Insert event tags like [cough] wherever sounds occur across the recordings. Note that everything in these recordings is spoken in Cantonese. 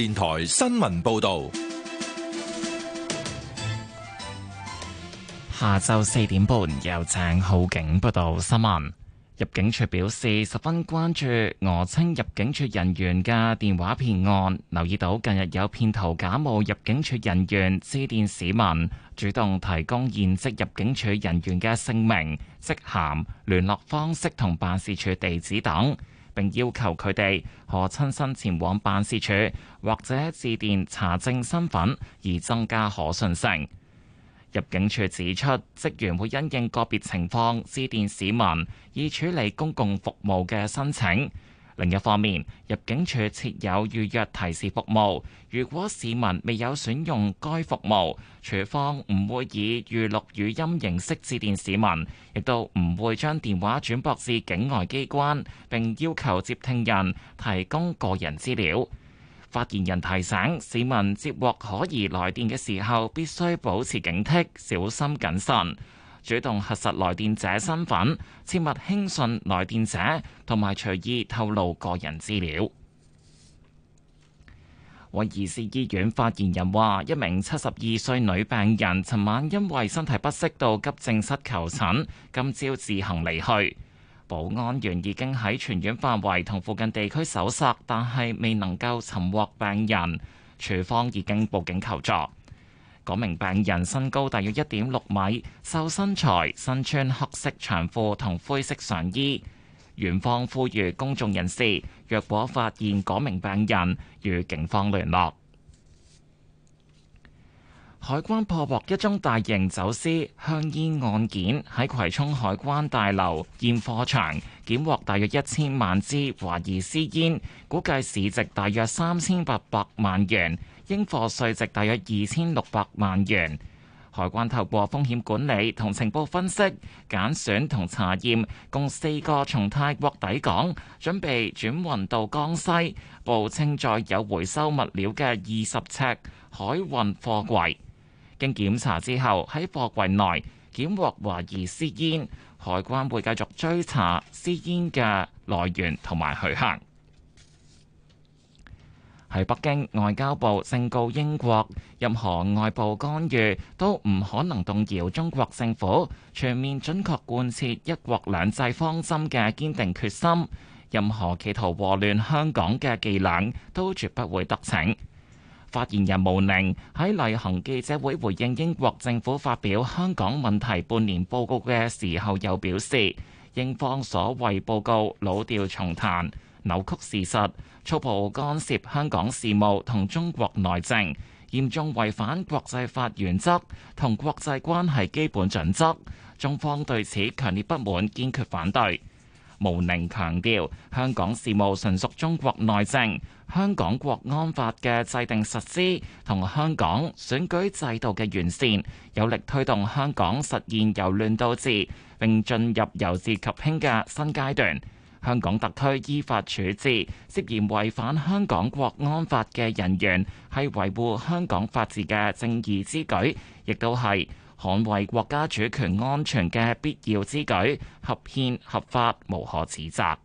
電台新聞報道，下晝四點半有鄭浩景報道新聞。入境處表示十分關注訛稱入境處人員嘅電話騙案，留意到近日有騙徒假冒入境處人員致電市民，主動提供現職入境處人員嘅姓名、職銜、聯絡方式同辦事處地址等。並要求佢哋可親身前往辦事處或者致電查證身份，而增加可信性。入境處指出，職員會因應個別情況致電市民，以處理公共服務嘅申請。另一方面，入境處設有預約提示服務，如果市民未有選用該服務，處方唔會以預錄語音形式致電市民，亦都唔會將電話轉駁至境外機關，並要求接聽人提供個人資料。發言人提醒市民接獲可疑來電嘅時候，必須保持警惕，小心謹慎。主動核實來電者身份，切勿輕信來電者，同埋隨意透露個人資料。威爾斯醫院發言人話：一名七十二歲女病人，尋晚因為身體不適到急症室求診，今朝自行離去。保安員已經喺全院範圍同附近地區搜索，但係未能夠尋獲病人。院方已經報警求助。嗰名病人身高大約一點六米，瘦身材，身穿黑色長褲同灰色上衣。院方呼籲公眾人士，若果發現嗰名病人，與警方聯絡。海關破獲一宗大型走私香煙案件，喺葵涌海關大樓驗貨場檢獲大約一千萬支懷疑私煙，估計市值大約三千八百萬元。應課稅值大約二千六百萬元。海關透過風險管理同情報分析、揀選同查驗，共四個從泰國抵港，準備轉運到江西，報稱載有回收物料嘅二十尺海運貨櫃。經檢查之後，喺貨櫃內檢獲懷疑私煙，海關會繼續追查私煙嘅來源同埋去向。喺北京，外交部正告英國，任何外部干預都唔可能動搖中國政府全面準確貫徹一國兩制方針嘅堅定決心。任何企圖禍亂香港嘅伎倆都絕不會得逞。發言人毛寧喺例行記者會回應英國政府發表香港問題半年報告嘅時候，又表示，英方所謂報告老調重彈。扭曲事實、粗暴干涉香港事務同中國內政，嚴重違反國際法原則同國際關係基本準則。中方對此強烈不滿，堅決反對。毛寧強調，香港事務純屬中國內政，香港國安法嘅制定實施同香港選舉制度嘅完善，有力推動香港實現由亂到治，並進入由治及興嘅新階段。香港特區依法處置涉嫌違反香港國安法嘅人員，係維護香港法治嘅正義之舉，亦都係捍衛國家主權安全嘅必要之舉，合憲合法，無可指責。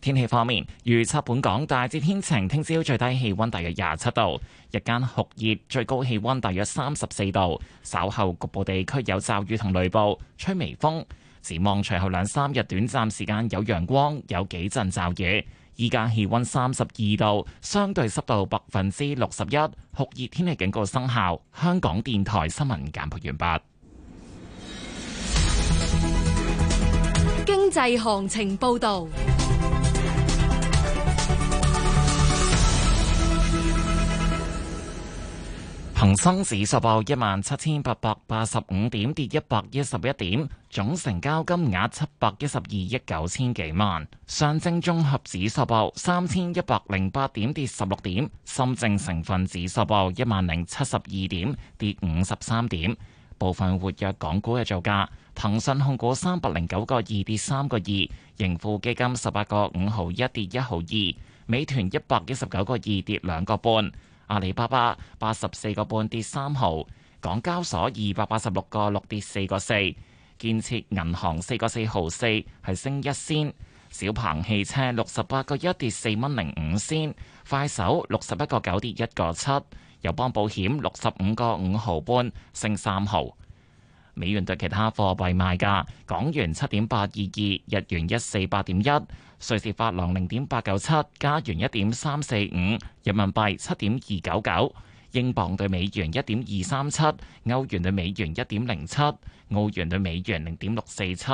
天氣方面，預測本港大致天晴，聽朝最低氣温大約廿七度，日間酷熱，最高氣温大約三十四度，稍後局部地區有驟雨同雷暴，吹微風。展望隨後兩三日短暫時間有陽光，有幾陣驟雨。依家氣温三十二度，相對濕度百分之六十一，酷熱天氣警告生效。香港電台新聞簡報完畢。經濟行情報道。恒生指數報一萬七千八百八十五點，跌一百一十一點；總成交金額七百一十二億九千幾萬。上證綜合指數報三千一百零八點，跌十六點；深證成分指數報一萬零七十二點，跌五十三點。部分活躍港股嘅造價：騰訊控股三百零九個二跌三個二；盈富基金十八個五毫一跌一毫二；美團一百一十九個二跌兩個半。阿里巴巴八十四個半跌三毫，港交所二百八十六個六跌四個四，建設銀行四個四毫四係升一仙，小鵬汽車六十八個一跌四蚊零五仙，快手六十一個九跌一個七，友邦保險六十五個五毫半升三毫，美元對其他貨幣賣價，港元七點八二二，日元一四八點一。瑞士法郎零點八九七，加元一點三四五，人民幣七點二九九，英鎊對美元一點二三七，歐元對美元一點零七，澳元對美元零點六四七，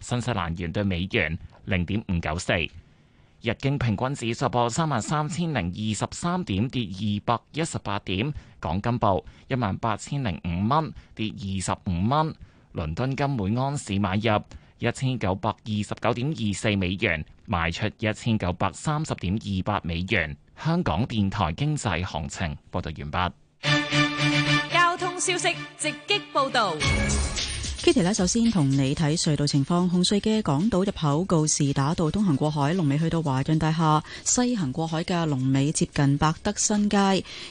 新西蘭元對美元零點五九四。日經平均指數報三萬三千零二十三點，跌二百一十八點。港金報一萬八千零五蚊，跌二十五蚊。倫敦金每安士買入。一千九百二十九點二四美元，賣出一千九百三十點二百美元。香港電台經濟行情報道完畢。交通消息直擊報道。Kitty 呢，首先同你睇隧道情況。紅隧嘅港島入口告士打道東行過海，龍尾去到華潤大廈；西行過海嘅龍尾接近百德新街。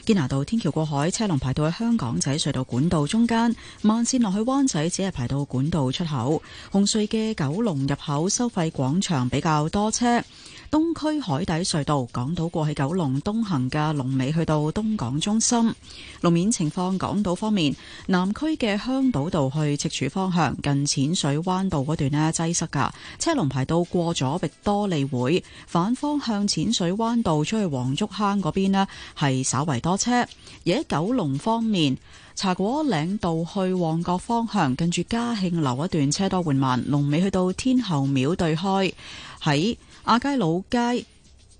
堅拿道天橋過海，車龍排到去香港仔隧道管道中間。慢綫落去灣仔，只係排到管道出口。紅隧嘅九龍入口收費廣場比較多車。東區海底隧道，港島過去九龍東行嘅龍尾，去到東港中心路面情況。港島方面，南區嘅香島道去赤柱方向，近淺水灣道嗰段呢擠塞噶，車龍排到過咗碧多利會反方向，淺水灣道出去黃竹坑嗰邊呢係稍為多車。而喺九龍方面，茶果嶺道去旺角方向，近住嘉慶樓一段車多緩慢，龍尾去到天后廟對開喺。亞皆老街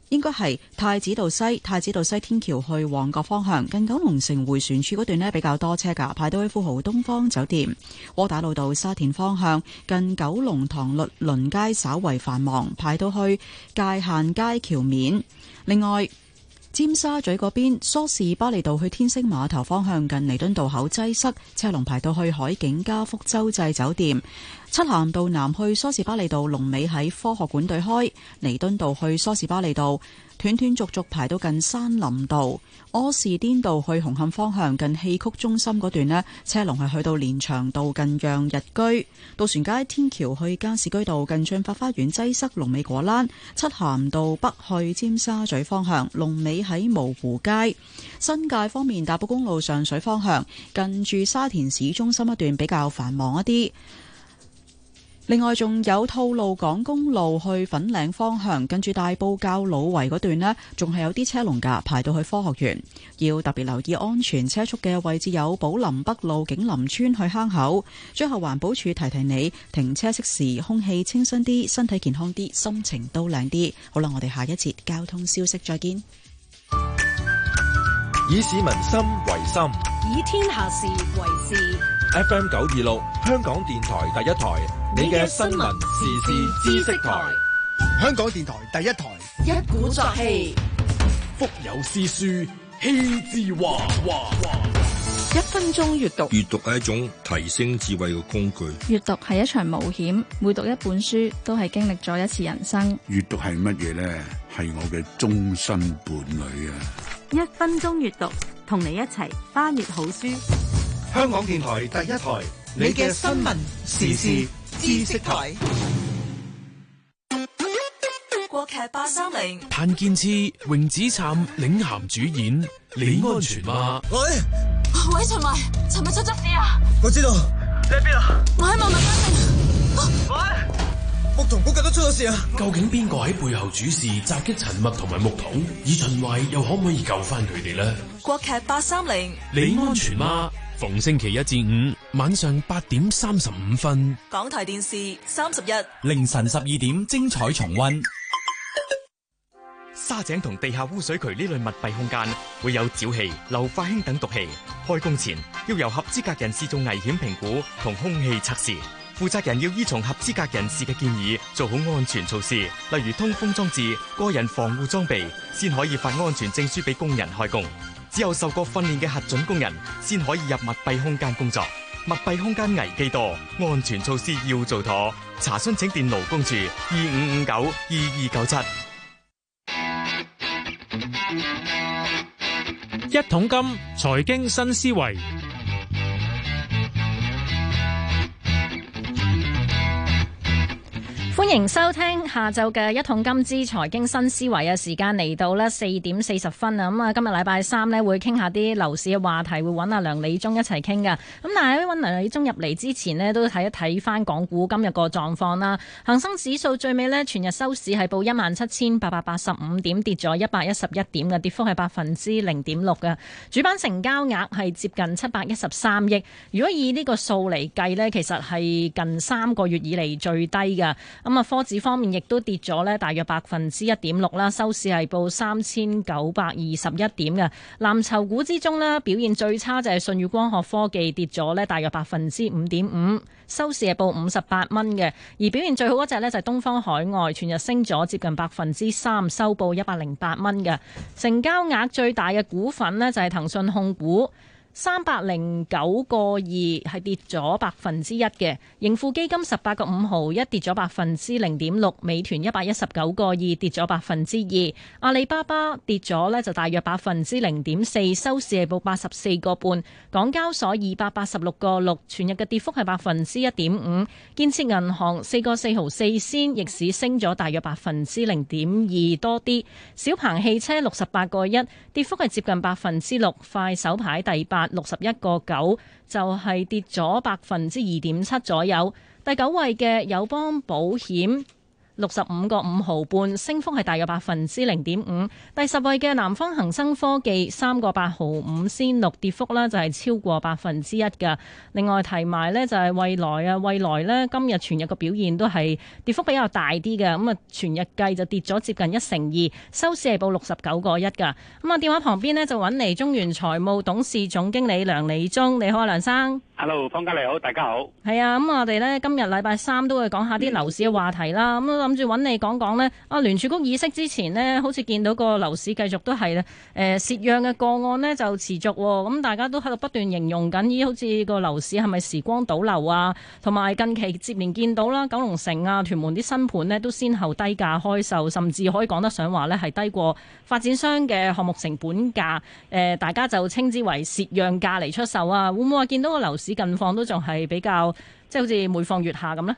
應該係太子道西、太子道西天橋去旺角方向，近九龍城回旋處嗰段呢比較多車噶，排到去富豪東方酒店。窩打老道沙田方向近九龍塘律倫街稍為繁忙，排到去界限街橋面。另外，尖沙咀嗰邊梳士巴利道去天星碼頭方向近彌敦道口擠塞，車龍排到去海景嘉福洲際酒店。漆咸道南去梳士巴利道龍尾喺科學館對開，彌敦道去梳士巴利道斷斷續續排到近山林道，柯士甸道去紅磡方向近戲曲中心嗰段呢，車龍係去到連翔道近讓日居，渡船街天橋去加士居道近駿發花園擠塞龍尾果欄，漆咸道北去尖沙咀方向龍尾喺蕪湖街，新界方面，大埔公路上水方向近住沙田市中心一段比較繁忙一啲。另外，仲有吐露港公路去粉嶺方向，跟住大埔滘老圍嗰段咧，仲係有啲車龍噶，排到去科學園，要特別留意安全車速嘅位置有寶林北路景林邨去坑口。最後，環保署提提你，停車熄匙，空氣清新啲，身體健康啲，心情都靚啲。好啦，我哋下一節交通消息再見。以市民心為心，以天下事為事。F M 九二六，26，香港電台第一台，你嘅新聞時事知識台，香港電台第一台，一鼓作氣，腹有詩書氣自華，華華。一分鐘閱讀，閱讀係一種提升智慧嘅工具。閱讀係一場冒險，每讀一本書都係經歷咗一次人生。閱讀係乜嘢呢？係我嘅終身伴侶啊！一分鐘閱讀，同你一齊翻閱好書。香港電台第一台，你嘅新聞時事知識台。國劇八三零，譚建次、榮子燦領銜主演。你李 安全嗎？喂，喂，尋日，尋日出咗事啊！我知道，你喺邊啊？我喺望民花城。喂，牧童估計都出咗事啊！究竟邊個喺背後主事襲擊陳默同埋牧童？而陳默又可唔可以救翻佢哋呢？國劇八三零，你安全嗎？逢星期一至五晚上八點三十五分，港台電視三十一，凌晨十二點精彩重溫。沙井同地下污水渠呢類密閉空間會有沼氣、硫化氫等毒氣，開工前要由合資格人士做危險評估同空氣測試，負責人要依從合資格人士嘅建議做好安全措施，例如通風裝置、個人防護裝備，先可以發安全證書俾工人開工。只有受過訓練嘅核准工人，先可以入密閉空間工作。密閉空間危機多，安全措施要做妥。查詢請電勞工處二五五九二二九七。一桶金財經新思維。歡迎收聽下晝嘅一桶金之財經新思維啊！時間嚟到咧四點四十分啊！咁啊，今日禮拜三咧會傾下啲樓市嘅話題，會揾阿梁理中一齊傾噶。咁但係喺揾梁理中入嚟之前咧，都睇一睇翻港股今日個狀況啦。恒生指數最尾咧全日收市係報一萬七千八百八十五點，跌咗一百一十一點嘅跌幅係百分之零點六嘅。主板成交額係接近七百一十三億，如果以呢個數嚟計咧，其實係近三個月以嚟最低嘅。咁啊，科指方面亦都跌咗咧，大約百分之一點六啦，收市係報三千九百二十一點嘅。藍籌股之中咧，表現最差就係舜宇光學科技跌咗咧，大約百分之五點五，收市係報五十八蚊嘅。而表現最好嗰隻咧就係東方海外，全日升咗接近百分之三，收報一百零八蚊嘅。成交額最大嘅股份咧就係騰訊控股。三百零九個二係跌咗百分之一嘅，盈富基金十八個五毫一跌咗百分之零點六，美團一百一十九個二跌咗百分之二，阿里巴巴跌咗呢就大約百分之零點四，收市係報八十四個半，港交所二百八十六個六，全日嘅跌幅係百分之一點五，建設銀行四個四毫四仙，逆市升咗大約百分之零點二多啲，小鵬汽車六十八個一，跌幅係接近百分之六，快手排第八。六十一個九，就係跌咗百分之二點七左右。第九位嘅友邦保險。六十五個五毫半，升幅係大約百分之零點五。第十位嘅南方恒生科技三個八毫五先六，跌幅啦就係超過百分之一㗎。另外提埋咧就係蔚來啊，蔚來咧今日全日個表現都係跌幅比較大啲嘅。咁啊全日計就跌咗接近一成二，收市係報六十九個一噶。咁啊電話旁邊咧就揾嚟中原財務董事總經理梁理中，你好啊梁生。Hello，方家你好，大家好。係啊，咁我哋咧今日禮拜三都會講下啲樓市嘅話題啦。咁啊。跟住揾你講講呢，啊聯儲局議息之前呢，好似見到個樓市繼續都係呢誒，蝕讓嘅個案呢，就持續，咁大家都喺度不斷形容緊，咦，好似個樓市係咪時光倒流啊？同埋近期接連見到啦，九龍城啊、屯門啲新盤呢，都先後低價開售，甚至可以講得上話呢係低過發展商嘅項目成本價，誒，大家就稱之為蝕讓價嚟出售啊？會唔會話見到個樓市近況都仲係比較，即係好似每況愈下咁呢？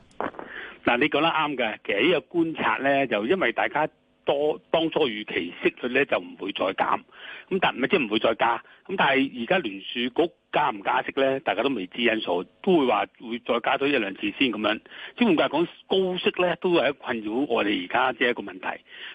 嗱、啊，你講得啱嘅，其實呢個觀察咧，就因為大家多當初預期息率咧就唔會再減，咁但唔係即係唔會再加，咁但係而家聯儲局加唔加息咧，大家都未知因素，都會話會再加多一兩次先咁樣。只唔怪講高息咧，都係困擾我哋而家即係一個問題。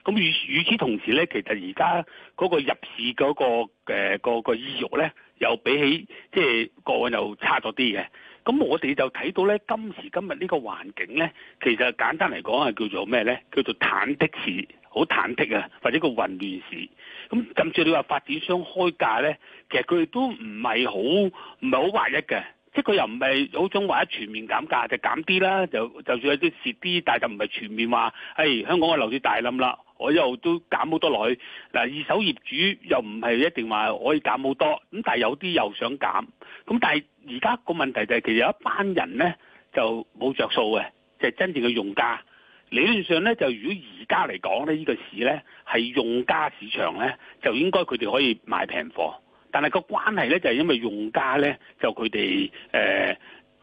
咁與，與此同時咧，其實而家嗰個入市嗰、嗰個、呃嗰個、個個意欲咧，又比起即係個案又差咗啲嘅。咁我哋就睇到咧，今時今日呢個環境咧，其實簡單嚟講係叫做咩咧？叫做忐忑市，好忐忑啊，或者個混亂市。咁甚至你話發展商開價咧，其實佢哋都唔係好唔係好劃一嘅，即係佢又唔係有種話全面減價，就減啲啦，就就算有啲蝕啲，但係就唔係全面話，係、哎、香港嘅樓市大冧啦。我又都減好多落去，嗱，二手業主又唔係一定話可以減好多，咁但係有啲又想減，咁但係而家個問題就係其實有一班人呢就冇著數嘅，就係、就是、真正嘅用家。理論上呢，就如果而家嚟講呢，呢、呢個市呢係用家市場呢，就應該佢哋可以買平貨，但係個關係呢，就係、是、因為用家呢，就佢哋誒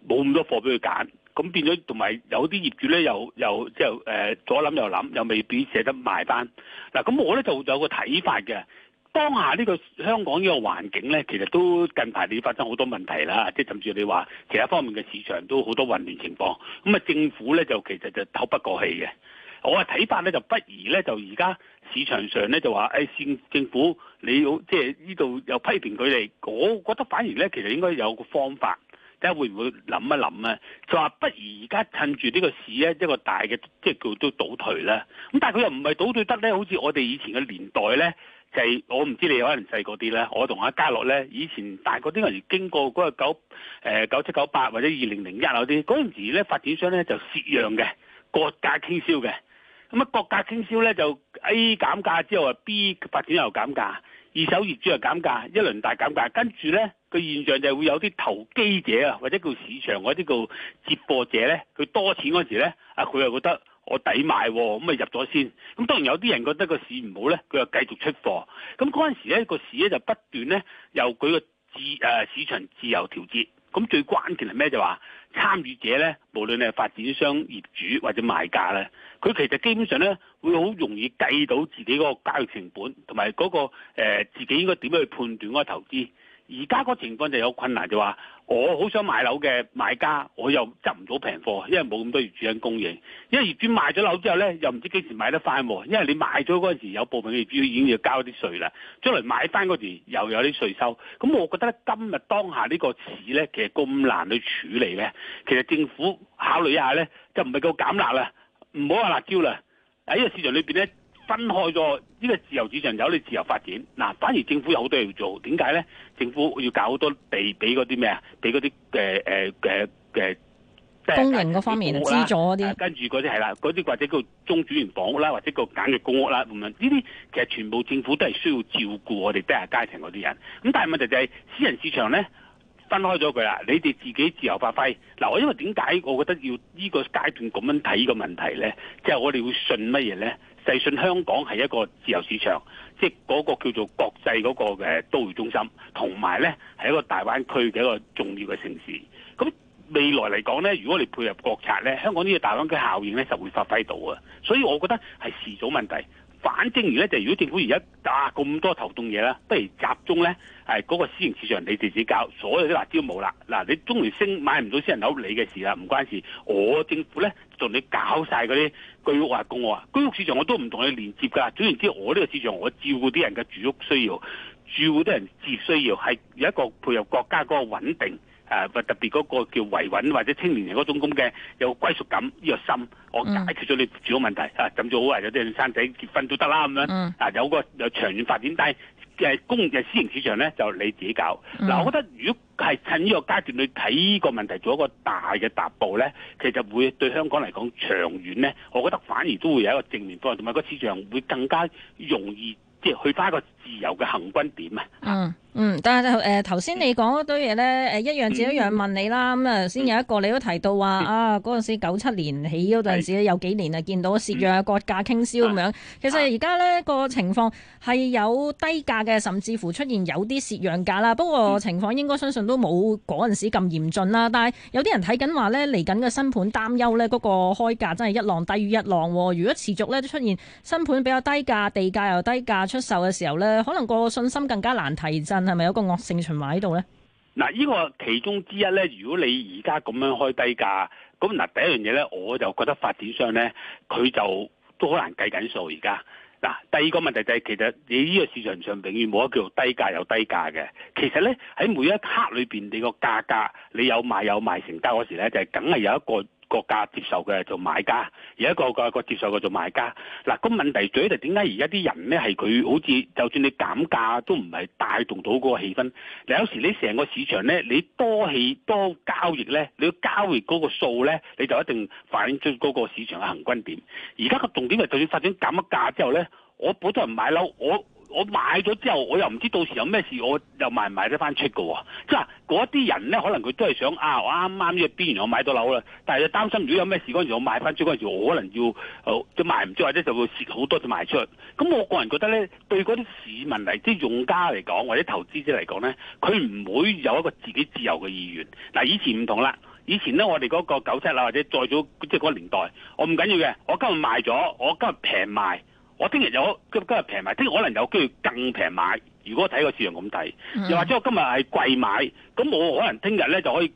冇咁多貨俾佢揀。咁變咗，同埋有啲業主咧，又又即係誒左諗右諗，又未必捨得賣返。嗱，咁我咧就有個睇法嘅。當下呢個香港呢個環境咧，其實都近排你發生好多問題啦，即係甚至你話其他方面嘅市場都好多混亂情況。咁啊，政府咧就其實就透不過氣嘅。我嘅睇法咧，就不如咧就而家市場上咧就話誒，先、哎、政府你要即係呢度又批評佢哋，我覺得反而咧其實應該有個方法。睇下會唔會諗一諗啊，就話不如而家趁住呢個市咧一個大嘅即係叫都倒退啦。咁但係佢又唔係倒退得咧，好似我哋以前嘅年代咧，就係我唔知你可能細嗰啲咧，我同阿嘉樂咧以前大嗰啲人經過嗰個九、呃、九七九八或者二零零一嗰啲嗰陣時咧發展商咧就蝕讓嘅，割價傾銷嘅，咁啊割價傾銷咧就 A 減價之後啊 B 發展又減價。二手業主又減價，一輪大減價，跟住呢個現象就會有啲投機者啊，或者叫市場嗰啲叫接貨者呢，佢多錢嗰時呢，啊佢又覺得我抵買喎、哦，咁咪入咗先。咁當然有啲人覺得個市唔好呢，佢又繼續出貨。咁嗰陣時呢個市呢，就不斷呢由佢個自誒市場自由調節。咁最關鍵係咩？就話參與者咧，無論你係發展商、業主或者賣家咧，佢其實基本上咧，會好容易計到自己嗰個交易成本，同埋嗰個、呃、自己應該點樣去判斷嗰個投資。而家個情況就有困難，就話我好想買樓嘅買家，我又執唔到平貨，因為冇咁多業主人供應，因為業主賣咗樓之後呢，又唔知幾時買得翻喎，因為你買咗嗰陣時有部分業主已經要交啲稅啦，將來買翻嗰時又有啲稅收，咁我覺得今日當下呢個市呢，其實咁難去處理呢，其實政府考慮一下呢，就唔係夠減辣啦，唔好話辣椒啦，喺呢個市場裏邊呢。分開咗呢個自由市場，有你自由發展。嗱，反而政府有好多嘢要做，點解咧？政府要搞好多地俾嗰啲咩啊？俾嗰啲嘅嘅嘅嘅公營嗰方面資助啲，跟住嗰啲係啦，嗰啲或者叫中主源房屋啦，或者個簡約公屋啦，咁樣呢啲其實全部政府都係需要照顧我哋低下階層嗰啲人。咁但係問題就係私人市場咧，分開咗佢啦，你哋自己自由發揮。嗱，我因為點解我覺得要呢個階段咁樣睇呢個問題咧？即係我哋會信乜嘢咧？就係信香港係一個自由市場，即係嗰個叫做國際嗰個嘅都會中心，同埋呢係一個大灣區嘅一個重要嘅城市。咁未來嚟講呢，如果你配合國策呢，香港呢個大灣區效應呢，就會發揮到啊。所以我覺得係遲早問題。反正而咧，就如果政府而家搞咁多頭中嘢啦，不如集中咧，係嗰、那個私人市場你哋自己搞，所有啲辣招冇啦。嗱、啊，你中聯升買唔到私人樓，你嘅事啦，唔關事。我政府咧同你搞晒嗰啲居屋啊公屋，啊，居屋市場我都唔同你連接㗎。總言之，我呢個市場我照顧啲人嘅住屋需要，照顧啲人自需要，係有一個配合國家嗰個穩定。誒、呃、特別嗰個叫維穩或者青年人嗰種咁嘅有歸屬感呢、呢個心，我解決咗你住屋問題、嗯、啊，甚至好話有啲人生仔結婚都得啦咁樣、嗯啊，有個有長遠發展，但係誒公私營市場咧就你自己搞。嗱、嗯啊，我覺得如果係趁呢個階段去睇個問題做一個大嘅踏步咧，其實就會對香港嚟講長遠咧，我覺得反而都會有一個正面方向，同埋個市場會更加容易即係去返一個自由嘅行軍點啊。嗯。嗯，但係就誒頭先你講嗰堆嘢咧，誒一樣接一樣問你啦。咁啊、嗯，先有一個你都提到話、嗯、啊，嗰陣時九七年起嗰陣時有幾年啊見到蝕讓、割價傾銷咁樣。嗯啊、其實而家呢個情況係有低價嘅，甚至乎出現有啲蝕讓價啦。不過情況應該相信都冇嗰陣時咁嚴峻啦。但係有啲人睇緊話呢，嚟緊嘅新盤擔憂呢，嗰、嗰個開價真係一浪低於一浪。如果持續呢，都出現新盤比較低價、地價又低價出售嘅時候呢，可能個信心更加難提振。係咪有個惡性循環喺度咧？嗱，呢個其中之一咧，如果你而家咁樣開低價，咁嗱第一樣嘢咧，我就覺得發展商咧，佢就都好難計緊數而家。嗱，第二個問題就係，其實你呢個市場上永遠冇一個叫做低價有低價嘅。其實咧喺每一刻裏邊，你個價格你有買有賣成交嗰時咧，就係梗係有一個。個價接受嘅做買家，而家個個個接受嘅做買家。嗱、那，個問題最緊要就點解而家啲人咧，係佢好似就算你減價都唔係帶動到嗰個氣氛。嗱，有時你成個市場咧，你多氣多交易咧，你要交易嗰個數咧，你就一定反映出嗰個市場嘅行均點。而家個重點係就算發展減咗價之後咧，我普通人買樓我。我買咗之後，我又唔知到時有咩事，我又賣唔賣得翻出嘅喎、哦。即係嗰啲人咧，可能佢都係想啊，我啱啱呢邊，然後我買到樓啦，但係又擔心，如果有咩事嗰陣時，我賣翻出嗰陣時，我可能要即係賣唔出，或者就會蝕好多就賣出。咁我個人覺得咧，對嗰啲市民嚟即啲用家嚟講，或者投資者嚟講咧，佢唔會有一個自己自由嘅意願。嗱，以前唔同啦，以前咧我哋嗰個九七啦，或者再早即係嗰個年代，我唔緊要嘅，我今日賣咗，我今日平賣。我聽日有今日平埋，聽日可能有機會更平買。如果睇個市場咁睇，又或者我今日係貴買，咁我可能聽日咧就可以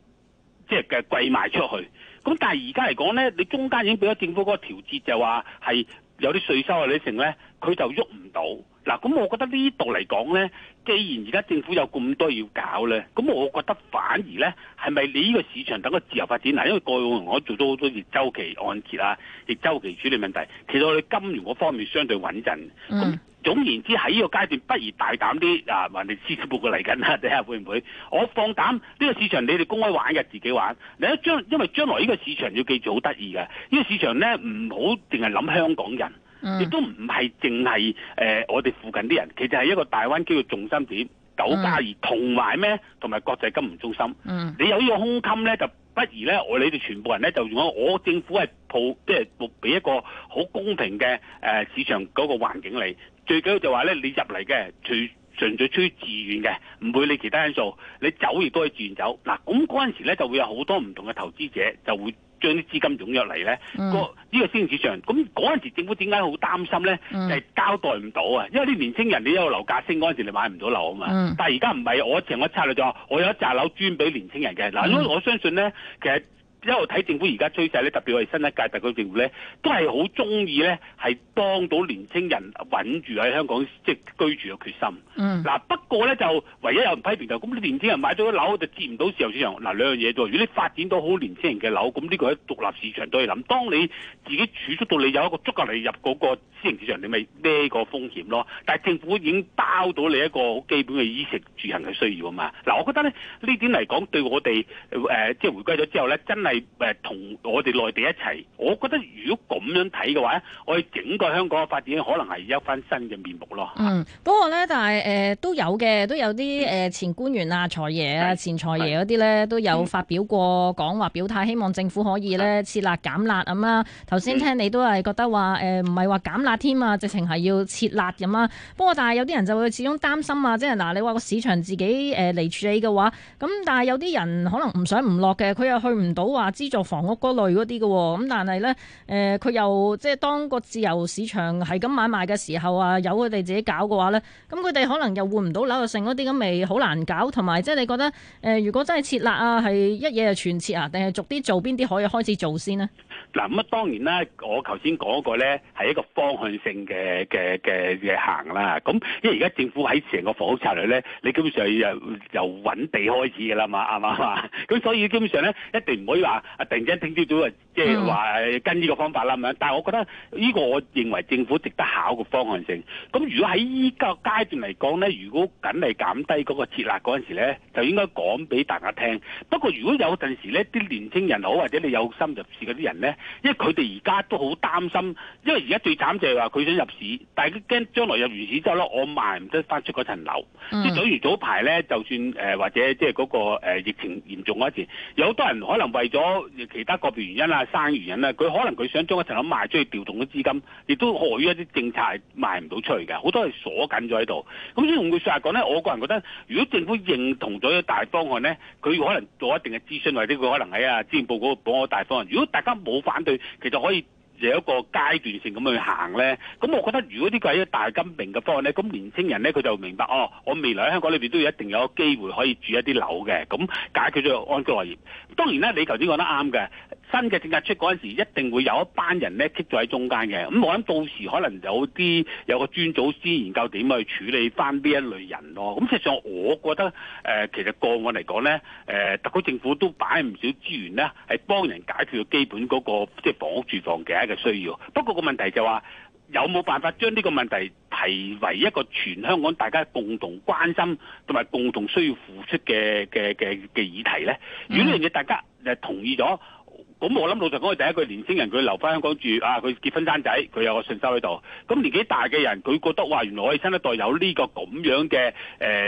即係嘅貴賣出去。咁但係而家嚟講咧，你中間已經俾咗政府嗰個調節就，等等就話係有啲稅收啊啲剩咧，佢就喐唔到。嗱，咁我覺得呢度嚟講咧，既然而家政府有咁多要搞咧，咁我覺得反而咧，係咪你呢個市場等佢自由發展嗱？因為過往我，我做咗好多逆周期按揭啊，逆周期處理問題，其實我哋金融嗰方面相對穩陣。咁、嗯、總而言之喺呢個階段，不如大膽啲啊！話你施政報告嚟緊啦，睇下會唔會，我放膽呢、這個市場你哋公開玩嘅自己玩。你一將，因為將來呢個市場要記住好得意嘅，呢、這個市場咧唔好淨係諗香港人。亦都唔係淨係誒，嗯、我哋附近啲人，其實係一個大灣區嘅重心點，九加二同埋咩，同埋、嗯、國際金融中心。嗯、你有呢個空襟咧，就不如咧，我你哋全部人咧就用我政府係抱，即係俾一個好公平嘅誒市場嗰個環境你。最緊要就話咧，你入嚟嘅，純純粹出於自願嘅，唔會你其他因素，你走亦都可以自走。嗱，咁嗰陣時咧就會有好多唔同嘅投資者就會。將啲資金湧入嚟咧，嗯、個呢個先至重要。咁嗰陣時政府點解好擔心咧？就係、嗯、交代唔到啊，因為啲年青人你一路樓價升嗰陣時你買唔到樓啊嘛。嗯、但係而家唔係，我成個策略就話我有一紮樓專俾年青人嘅嗱，因為我相信咧，嗯、其實。一路睇政府而家趨勢咧，特別我哋新一屆特區政府咧，都係好中意咧，係幫到年青人穩住喺香港即係居住嘅決心。嗱、mm. 啊，不過咧就唯一有人批評就咁、是，你年青人買咗個樓就接唔到自由市場。嗱、啊，兩樣嘢啫。如果你發展到好年青人嘅樓，咁呢個喺獨立市場都可以諗。當你自己儲蓄到你有一個足夠嚟入嗰個私人市場，你咪孭個風險咯。但係政府已經包到你一個好基本嘅衣食住行嘅需要啊嘛。嗱、啊，我覺得咧呢點嚟講對我哋誒、呃、即係回歸咗之後咧，真係。係同我哋內地一齊，我覺得如果咁樣睇嘅話，我哋整個香港嘅發展可能係一番新嘅面目咯。嗯，不過咧，但係都有嘅，都有啲是前官員啊、財爺啊、是前財爺嗰啲咧都有發表過講話是表態，希望政府可以咧撤辣減辣咁啦。頭先聽你都係覺得話唔係話減辣添啊，直情係要撤辣咁啊。不過但係有啲人就會始終會擔心啊，即係嗱，你話個市場自己嚟處理嘅話，咁但係有啲人可能唔想唔落嘅，佢又去唔到話資助房屋嗰類嗰啲嘅，咁但係呢，誒、呃，佢又即係當個自由市場係咁買賣嘅時候啊，由佢哋自己搞嘅話呢，咁佢哋可能又換唔到樓嗰啲，咁咪好難搞。同埋即係你覺得，誒、呃，如果真係設立啊，係一嘢就全設啊，定係逐啲做邊啲可以開始做先呢？嗱咁啊，當然啦，我頭先講嗰個咧係一個方向性嘅嘅嘅嘅行啦。咁因為而家政府喺成個房屋策略咧，你基本上由由揾地開始噶啦嘛，係嘛。咁所以基本上咧，一定唔可以話啊，突然之間聽朝早啊，即係話跟呢個方法啦嘛。但係我覺得呢個我認為政府值得考嘅方向性。咁如果喺依個階段嚟講咧，如果僅係減低嗰個設立嗰陣時咧，就應該講俾大家聽。不過如果有陣時咧，啲年青人好或者你有心入市嗰啲人咧，因為佢哋而家都好擔心，因為而家最慘就係話佢想入市，但係佢驚將來入完市之後咧，我賣唔得翻出嗰層樓。即係、嗯、早如早排咧，就算誒、呃、或者即係嗰個、呃、疫情嚴重嗰陣，有好多人可能為咗其他個別原因啦、生意原因啦，佢可能佢想將嗰層樓賣出去，調動啲資金，亦都礙於一啲政策賣唔到出去嘅，好多係鎖緊咗喺度。咁所以，用句説話講咧，我個人覺得，如果政府認同咗個大方案咧，佢可能做一定嘅諮詢，或者佢可能喺啊資源報告嗰度補嗰個大方案。如果大家冇反對，其實可以。就一個階段性咁去行呢，咁我覺得如果呢個係一個大金瓶嘅方案呢，咁年青人呢，佢就明白哦，我未來喺香港裏邊都有一定有機會可以住一啲樓嘅，咁解決咗個安居樂業。當然呢，你頭先講得啱嘅，新嘅政策出嗰陣時，一定會有一班人呢，棘咗喺中間嘅，咁我諗到時可能有啲有個專組先研究點去處理翻呢一類人咯。咁實際上我覺得誒、呃，其實個案嚟講呢，誒、呃、特區政府都擺唔少資源呢，係幫人解決咗基本嗰、那個即係、就是、房屋住房嘅嘅需要，不過個問題就話，有冇辦法將呢個問題提為一個全香港大家共同關心同埋共同需要付出嘅嘅嘅嘅議題咧？如果呢樣嘢大家誒同意咗。咁我諗老實講，第一個年青人佢留翻香港住，啊佢結婚生仔，佢有個信心喺度。咁年紀大嘅人，佢覺得話原來我哋新一代有呢個咁樣嘅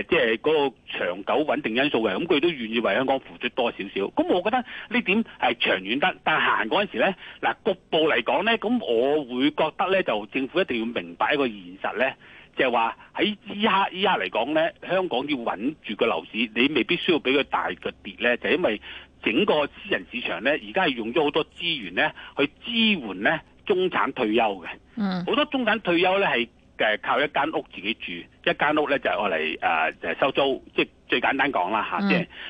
即係嗰個長久穩定因素嘅，咁佢都願意為香港付出多少少。咁我覺得呢點係長遠得，但係行嗰陣時呢，嗱局部嚟講呢，咁我會覺得呢，就政府一定要明白一個現實呢，就係話喺依家依家嚟講呢，香港要穩住個樓市，你未必需要俾佢大嘅跌呢，就因為。整個私人市場咧，而家係用咗好多資源咧，去支援咧中產退休嘅。嗯，好多中產退休咧係誒靠一間屋自己住，一間屋咧就係我嚟誒誒收租，即係嗯、最簡單講啦嚇，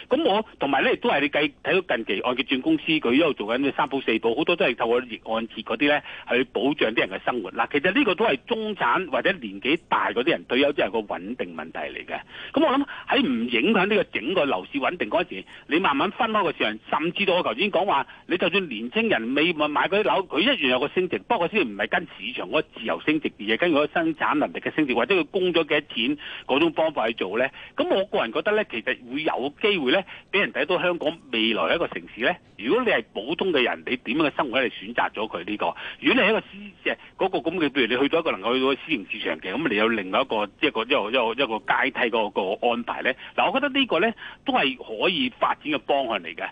咁我同埋咧都係你計睇到近期按揭轉公司，佢一度做緊三保四保，好多都係透過熱按揭嗰啲咧去保障啲人嘅生活啦。其實呢個都係中產或者年紀大嗰啲人退休之後個穩定問題嚟嘅。咁我諗喺唔影響呢個整個樓市穩定嗰陣時，你慢慢分開個市場，甚至到我頭先講話，你就算年青人未買嗰啲樓，佢一樣有個升值。不過雖然唔係跟市場嗰個自由升值而係跟住個生產能力嘅升值，或者佢供咗幾多錢嗰種方法去做咧。咁我個人覺得。咧其實會有機會咧，俾人睇到香港未來一個城市咧。如果你係普通嘅人，你點樣嘅生活你選擇咗佢呢個？如果你係一個私即係嗰個咁嘅，譬如你去到一個能夠去到一個私營市場嘅，咁你有另外一個即係一個一又一，一，一個階梯個個安排咧。嗱，我覺得個呢個咧都係可以發展嘅方向嚟嘅。咁啊，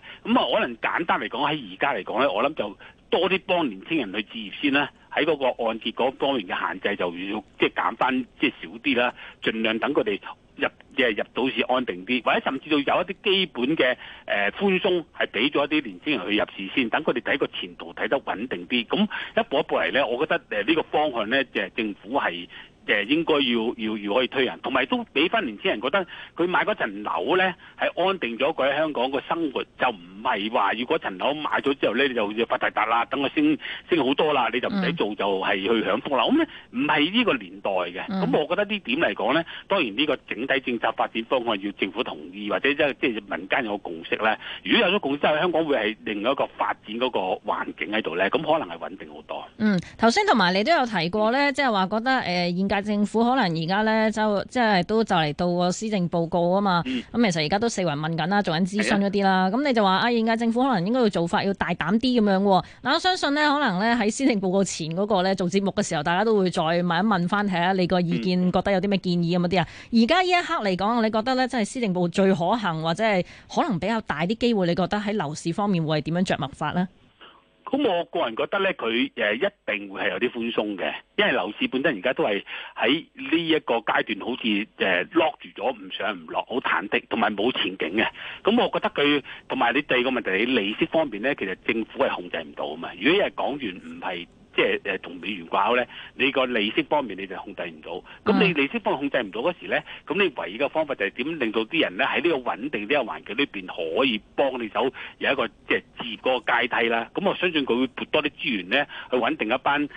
可能簡單嚟講喺而家嚟講咧，我諗就多啲幫年輕人去置業先啦。喺嗰個按揭嗰方面嘅限制就要即係、就是、減翻即係少啲啦，儘、就是、量等佢哋。入即係入到市安定啲，或者甚至到有一啲基本嘅呃、寬鬆，係俾咗一啲年青人去入市先，等佢哋睇個前途睇得穩定啲。咁一步一步嚟咧，我覺得誒呢個方向咧，就係政府係。誒應該要要要可以推人，同埋都俾翻年青人覺得佢買嗰層樓咧係安定咗，佢喺香港個生活就唔係話如果層樓買咗之後咧就發大達啦，等佢升升好多啦，你就唔使做、嗯、就係去享福啦。咁咧唔係呢個年代嘅，咁、嗯、我覺得點呢點嚟講咧，當然呢個整體政策發展方案要政府同意，或者即係即係民間有共識咧。如果有咗共識之後，香港會係另外一個發展嗰個環境喺度咧，咁可能係穩定好多。嗯，頭先同埋你都有提過咧，即係話覺得、呃屆政府可能而家咧就即係都就嚟到個施政報告啊嘛，咁 [laughs] 其實而家都四圍問緊啦，做緊諮詢嗰啲啦，咁你就話啊，現屆政府可能應該要做法要大膽啲咁樣喎。嗱，我相信呢，可能咧喺施政報告前嗰個咧做節目嘅時候，大家都會再問一問翻睇下你個意見， [laughs] 覺得有啲咩建議咁嗰啲啊。而家呢一刻嚟講，你覺得咧真係施政部最可行或者係可能比較大啲機會，你覺得喺樓市方面會係點樣着墨法呢？咁我個人覺得咧，佢誒一定會係有啲寬鬆嘅，因為樓市本身而家都係喺呢一個階段好，好似誒 lock 住咗，唔上唔落，好忐忑，同埋冇前景嘅。咁我覺得佢，同埋你第二個問題，你利息方面咧，其實政府係控制唔到啊嘛。如果係講完唔係。即係誒同美元掛鈎咧，你個利息方面你就控制唔到，咁、嗯、你利息方面控制唔到嗰時咧，咁你唯一嘅方法就係點令到啲人咧喺呢個穩定呢個環境裏面可以幫你走有一個即係置業嗰個階梯啦。咁我相信佢會撥多啲資源咧去穩定一班誒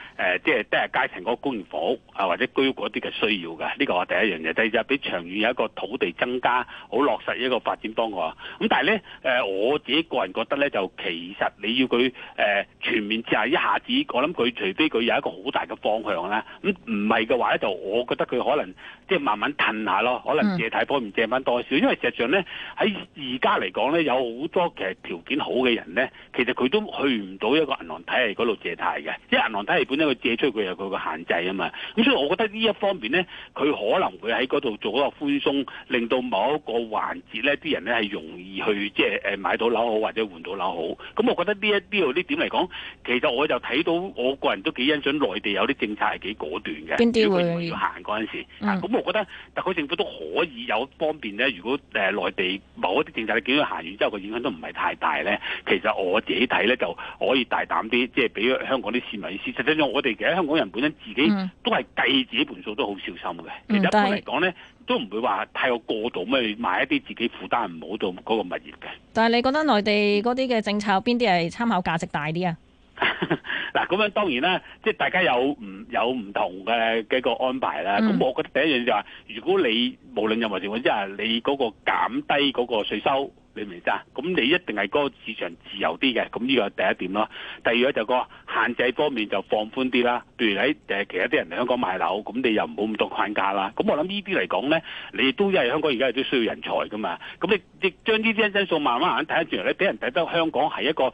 即係低下階層嗰個公營房屋啊或者居屋嗰啲嘅需要㗎。呢、這個我第一樣嘢，第二就係、是、俾長遠有一個土地增加好落實一個發展方案。咁但係咧誒我自己個人覺得咧就其實你要佢誒、呃、全面之下一下子我諗佢。佢除非佢有一個好大嘅方向啦，咁唔係嘅話咧，就我覺得佢可能。即係慢慢褪下咯，可能借貸方面借翻多少？嗯、因為實際上咧，喺而家嚟講咧，有好多其實條件好嘅人咧，其實佢都去唔到一個銀行體系嗰度借貸嘅，即係銀行體系本身佢借出去佢有佢個限制啊嘛。咁所以，我覺得呢一方面咧，佢可能會喺嗰度做一個寬鬆，令到某一個環節咧，啲人咧係容易去即係誒買到樓好或者換到樓好。咁我覺得呢一呢度啲點嚟講，其實我就睇到我個人都幾欣賞內地有啲政策係幾果斷嘅，主要佢唔要行嗰陣時。嗯我覺得特區政府都可以有方便咧，如果誒內地某一啲政策你見到行完之後，個影響都唔係太大咧。其實我自己睇咧，就可以大膽啲，即係俾香港啲市民。事實上，我哋其實香港人本身自己都係計自己盤數，都好小心嘅。其實一般嚟講咧，都唔會話太過過度咩買一啲自己負擔唔好做嗰個物業嘅、嗯嗯。但係你覺得內地嗰啲嘅政策邊啲係參考價值大啲啊？嗱，咁 [laughs] 樣當然啦，即係大家有唔有唔同嘅嘅個安排啦。咁、嗯、我覺得第一樣就係、是，如果你無論任何情況之下，你嗰個減低嗰個稅收，你明唔明啊？咁你一定係嗰個市場自由啲嘅。咁呢個係第一點咯。第二咧就個限制方面就放寬啲啦。譬如喺誒其他啲人嚟香港買樓，咁你又唔好咁多框架啦。咁我諗呢啲嚟講咧，你都因為香港而家都需要人才噶嘛。咁你亦將呢啲因素慢慢眼睇住嚟畀俾人睇得香港係一個。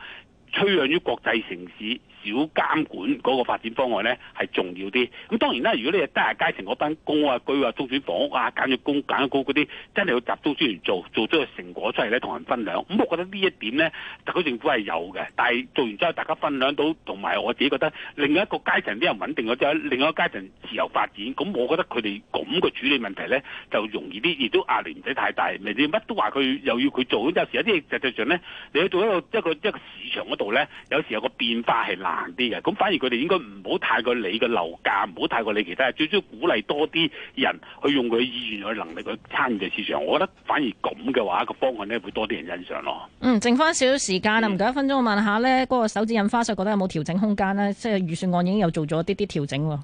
趨向於國際城市。少監管嗰個發展方案咧係重要啲。咁當然啦，如果你係低下階層嗰班工啊、居啊、租住房屋啊、簡約公屋、簡約公屋嗰啲，真係要集中資源做，做出個成果出嚟咧，同人分享。咁我覺得呢一點咧，特區政府係有嘅。但係做完之後，大家分享到，同埋我自己覺得另一個階層啲人穩定咗之後，另一個階層自由發展。咁我覺得佢哋咁個處理問題咧就容易啲，亦都壓力唔使太大。唔係乜都話佢又要佢做，有時有啲實際上咧，你喺做一個一個一個市場嗰度咧，有時有個變化係難。難啲嘅，咁反而佢哋應該唔好太過理個樓價，唔好太過理其他，最主要鼓勵多啲人去用佢意願、佢能力去參與市場。我覺得反而咁嘅話，個方案咧會多啲人欣賞咯。嗯，剩翻少少時間啦，唔夠是一分鐘，我問下咧，嗰個手指印花稅覺得有冇調整空間咧？即係預算案已經又做咗啲啲調整喎。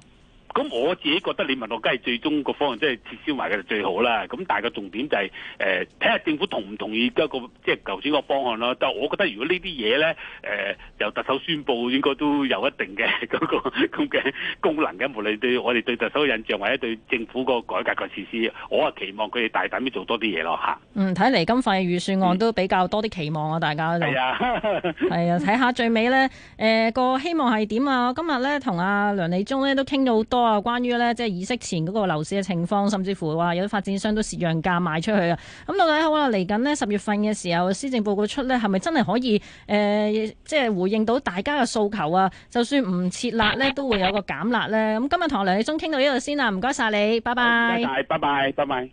咁我自己覺得你問我梗係最終個方案，即、就、係、是、撤銷埋嘅就最好啦。咁但係個重點就係誒睇下政府同唔同意今個即係頭先個方案咯。但係我覺得如果呢啲嘢咧誒由特首宣布，應該都有一定嘅嗰個咁嘅功能嘅。無論對我哋對特首嘅印象，或者對政府個改革嘅設施，我啊期望佢哋大膽啲做多啲嘢咯嚇。嗯，睇嚟今次預算案都比較多啲期望啊，嗯、大家就係啊係啊，睇 [laughs] 下、啊、最尾咧誒個希望係點啊！今日咧同阿梁理中咧都傾咗好多。關於呢，即係議息前嗰個樓市嘅情況，甚至乎話有啲發展商都蝕讓價賣出去啊！咁、嗯、到底好啦，嚟緊呢十月份嘅時候，施政報告出呢，係咪真係可以誒、呃，即係回應到大家嘅訴求啊？就算唔設辣呢，都會有個減辣呢。咁 [laughs] 今日同梁理中傾到呢度先啦，唔該晒你，拜拜，拜拜。拜拜，拜拜。